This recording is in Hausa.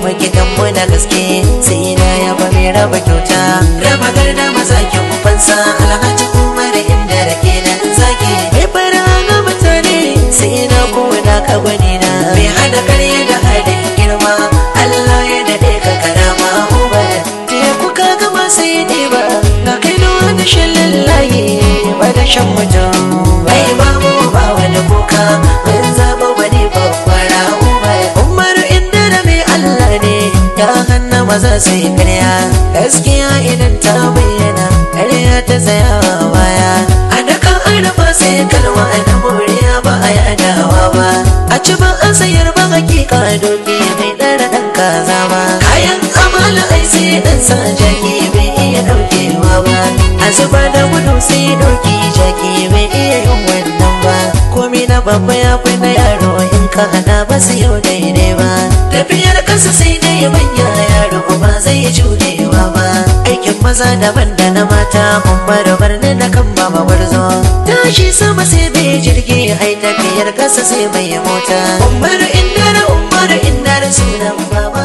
muke kan muna gaske sai na ya ba mai raba kyauta raba garda maza ki fansa alhaji umar inda da ke nan zaki mai fara na mutane sai na na ka gwani na mai hada karya da hada girma Allah ya dade ka karama umar teku ka gama sai ne ba ga kai da wani shan ba da shan mutum maza sai karya gaskiya idan ta bayyana karya ta tsaya baya a dakan ba sai kalma a da moriya ba a yadawa ba a ci ba a sayar ba hakika doki mai dara dan kaza ba kayan amala ai sai dan sa jaki bai iya daukewa ba a zuba da gudu sai doki jaki bai iya yin wannan ba Komi na babba ya fi na yaro ka hada ba su yau daidai ba tafiyar kansa sai dai manya yaro ba zai yi jurewa ba aikin maza daban da na mata mun bar barni kan baba gwarzo tashi sama sai bai jirgi ai tafiyar kansa sai bai mota umar na umar na sunan baba